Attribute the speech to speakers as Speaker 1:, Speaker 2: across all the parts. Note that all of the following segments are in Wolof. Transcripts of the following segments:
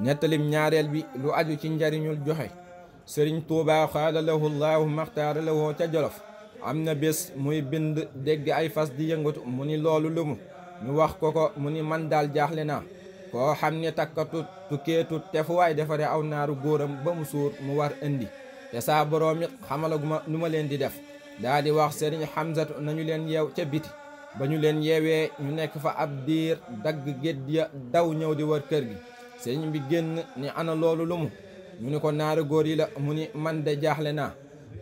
Speaker 1: nettalim ñaareel bi lu aju ci njariñul joxe sëriñ tuubaa xaala lahu llaahu ca jolof am na bés muy bind dégg ay fas di yëngatu mu ni loolu lu mu ñu wax ko ko mu ni man daal jaaxle naa koo xam ne takkatut tukkeetut te fu waay defare aw naaru góoram ba mu suur mu war indi te saa boroom it xamalaguma nu ma leen di def daa di wax sëriñ xamsatu nañu leen yeew ca biti ba ñu leen yeewee ñu nekk fa ab diir dagg gédd ya daw ñëw di wër kër gi sëñ bi génn ni ana loolu lu mu mu ni ko naaru góor yi la mu ni man de jaaxle naa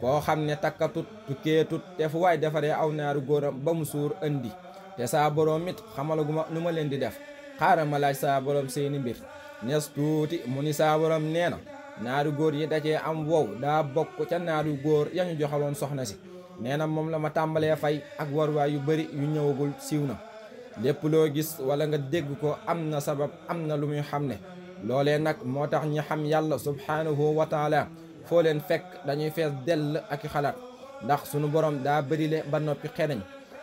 Speaker 1: koo xam ne takkatut tukkeetut te fu waay defaree aw naaru góoram ba mu suur andi te saa boroom xamalaguma nu ma leen di def xaaral ma laaj saa boroom seeni mbir nees tuuti mu ni saa nee na naari góor yi dajee am wow daa bokk ca naari góor ya ñu joxaloon soxna si nee na moom la ma tàmbalee fay ak warwaay yu bari yu ñëwagul siiw na lépp loo gis wala nga dégg ko am na sabab am na lu muy xam ne loolee nag moo tax ñi xam yàlla subhaanahu wa taala foo leen fekk dañuy fees dell ak xalaat ndax sunu borom daa bërile ba noppi xereñ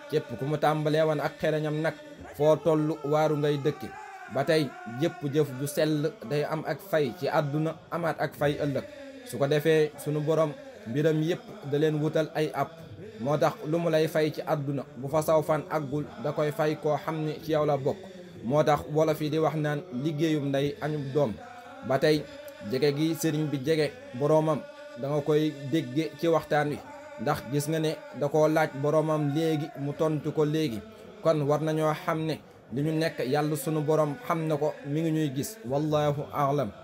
Speaker 1: képp ku mu tàmbalee woon ak xereñam nag foo toll waaru ngay dëkki ba tey jëpp jëf ju sell day am ak fay ci àdduna amaat ak fay ëllëg su ko defee sunu borom mbiram yépp da leen wutal ay àpp moo tax lu mu lay fay ci àdduna bu fa saw fan àggul da koy fay koo xam ne ci yow la bokk moo tax wolof yi di wax naan liggéeyum ndey añub doom ba tey jege gi sëriñ bi jege boroomam da koy dégge ci waxtaan wi ndax gis nga ne da ko laaj boroomam léegi mu tontu ko léegi kon war nañoo xam ne li ñu nekk yàlla sunu boroom xam na ko mi ngi ñuy gis wallahu aalam